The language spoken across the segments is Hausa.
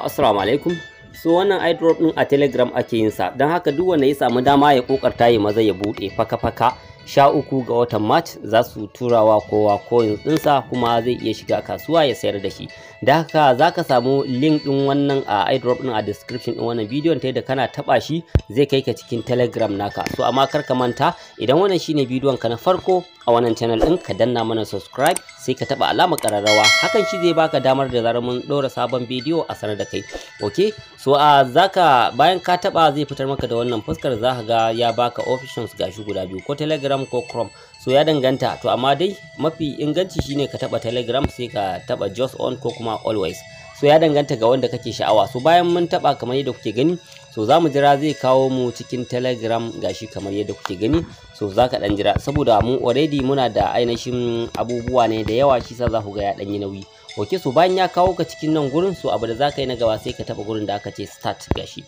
assalamu alaikum so wannan idrop din a telegram ake yin sa don haka duk wanda ya samu dama ya kokarta ya maza ya bude faka faka sha uku ga watan march za su turawa kowa coins dinsa kuma zai iya shiga kasuwa ya sayar da shi da haka za ka samu link din wannan a iDrop din a description din wannan bidiyon ta yadda kana taba shi zai kai ka cikin telegram naka so amma kar ka manta idan wannan shine bidiyon ka na farko a wannan channel din ka danna mana subscribe sai ka taba alamar kararrawa hakan shi zai baka damar da zarar mun dora sabon bidiyo a sanar da kai okay so a zaka bayan ka taba zai fitar maka da wannan fuskar zaka ga ya baka options gashi guda biyu ko telegram ko chrome so ya danganta to amma dai mafi inganci shine ka taba telegram sai ka taba just on ko kuma always so ya danganta ga wanda kake sha'awa so bayan mun taba kamar yadda kuke gani so za mu jira zai kawo mu cikin telegram gashi kamar yadda kuke gani so za ka dan jira saboda mu already muna da ainihin abubuwa ne da yawa shi sa za ku ga ya yi nauyi ok so bayan ya kawo ka cikin nan gurin so abu da za ka yi na gaba sai ka taba gurin da aka ce start gashi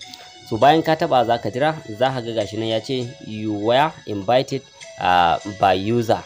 so bayan ka taba za ka jira za ka ga gashi nan ya ce you were invited uh, by user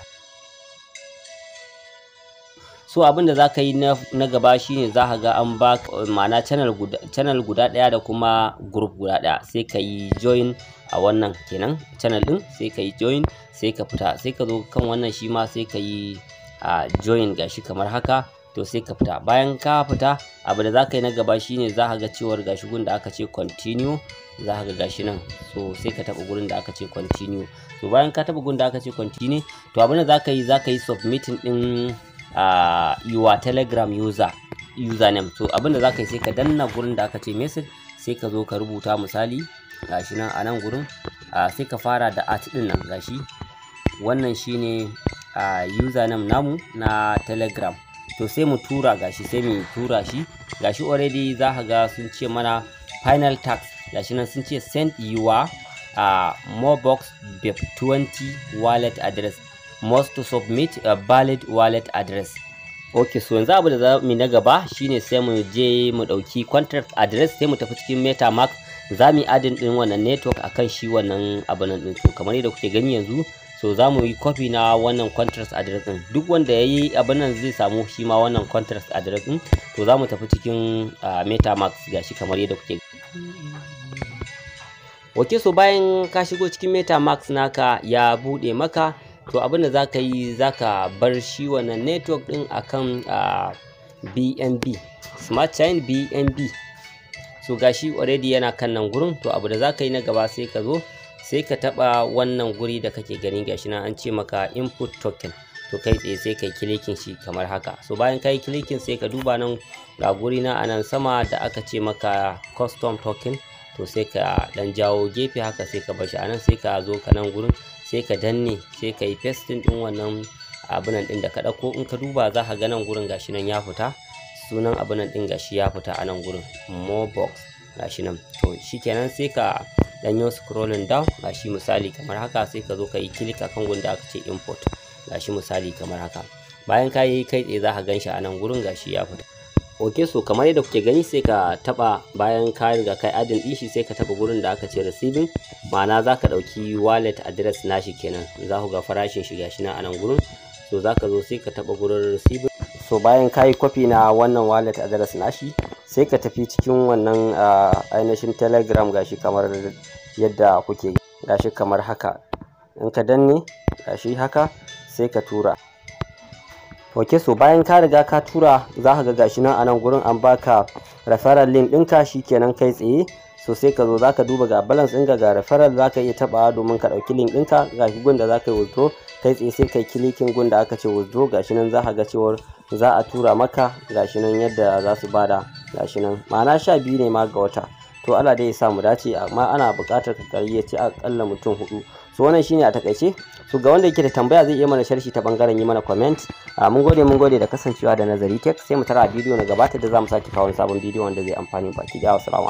so abin da za ka yi na gaba shine za ka ga an ba ma'ana channel guda channel guda daya da kuma group guda daya sai ka yi join a wannan kenan channel din sai ka yi join sai ka fita sai ka zo kan wannan shi ma sai ka yi a join gashi kamar haka to sai ka fita bayan ka fita abu da za ka yi na gaba shine za ka ga cewar gashi gun da aka ce continue za ka ga gashi nan so sai ka taɓa gurin da aka ce continue to bayan ka taɓa gurin da aka ce continue to abin da za ka yi za ka yi submitting din Uh, yiwa telegram user username so abinda za ka yi sai ka danna gurin da aka ce message sai ka zo ka rubuta misali gashi nan a nan gurin uh, sai ka fara da at din nan gashi wannan shine user uh, username namu na telegram to sai mu tura gashi sai mu tura shi gashi already za ka ga sun ce mana final tax gashi nan sun ce send your mobox bep 20 wallet address must submit a valid wallet address ok so yanzu abu da za mu na gaba shine sai mu je mu ɗauki contract address sai mu tafi cikin metamask za mu yi adin din wannan network akan shi wannan abunan din so kamar yadda kuke gani yanzu so za mu yi copy na wannan contract address din duk wanda ya yi abunan zai samu shi ma wannan contract address din to za mu tafi cikin metamask gashi kamar yadda kuke ok so bayan ka shigo cikin metamask naka ya bude maka to abin da za ka yi za ka bar shi wannan network ɗin akan bnb smart chain bnb so gashi already yana kan nan gurin to abu da za ka yi na gaba sai ka zo sai ka taba wannan guri da kake gani gashi na an ce maka input token to kai tsaye sai ka yi kilikin shi kamar haka so bayan ka yi kilikin sai ka duba nan ga guri na anan sama da aka ce maka custom token to sai ka dan jawo gefe haka sai ka bar shi anan sai ka zo ka nan gurin sai ka danne sai ka yi pasting din wannan abunan din da ka ɗauko in ka duba za ka ga nan gurin gashi nan ya fita sunan abunan din gashi ya fita a nan gurin more box gashi nan to shikenan sai ka danyo scrolling down gashi misali kamar haka sai ka zo ka yi click akan gurin da aka ce import gashi misali kamar haka bayan ka yi kai tsaye za ka gan shi a nan gurin gashi ya fita Oke so kamar yadda kuke gani sai ka taba bayan ka riga kai adin dishi sai ka taba gurin da aka ce receiving ma'ana za ka ɗauki wallet address nashi kenan za ku ga farashin shi gashi nan anan nan gurin so za ka zo sai ka taba gurin receiving so bayan kayi kwafi copy na wannan wallet address nashi sai ka tafi cikin wannan ainihin telegram gashi kamar yadda kuke gashi kamar haka in ka danne gashi haka sai ka tura ok so bayan ka riga ka tura za ka ga gashi nan a nan gurin an baka referral link ɗinka kenan kai tsaye so sai ka zo za ka duba ga balance ɗinka ga referral za ka iya taɓawa domin ka ɗauki link ɗinka ga shi gunda za ka yi kai tsaye sai kai kilikin da aka ce withdraw gashi nan za ka ga cewar za a tura maka gashi nan yadda za su bada gashi nan ma'ana sha biyu ne ma ga wata to Allah dai ya sa mu dace amma ana buƙatar ka ci akalla mutum hudu so wannan shine a takaice so ga wanda yake da tambaya zai iya mana sharshi ta bangaren yi mana comment ah, mun gode mun gode da kasancewa da nazari tech sai mu tara bidiyo na gabata da zamu sake kawo sabon bidiyo wanda zai amfani baki da assalamu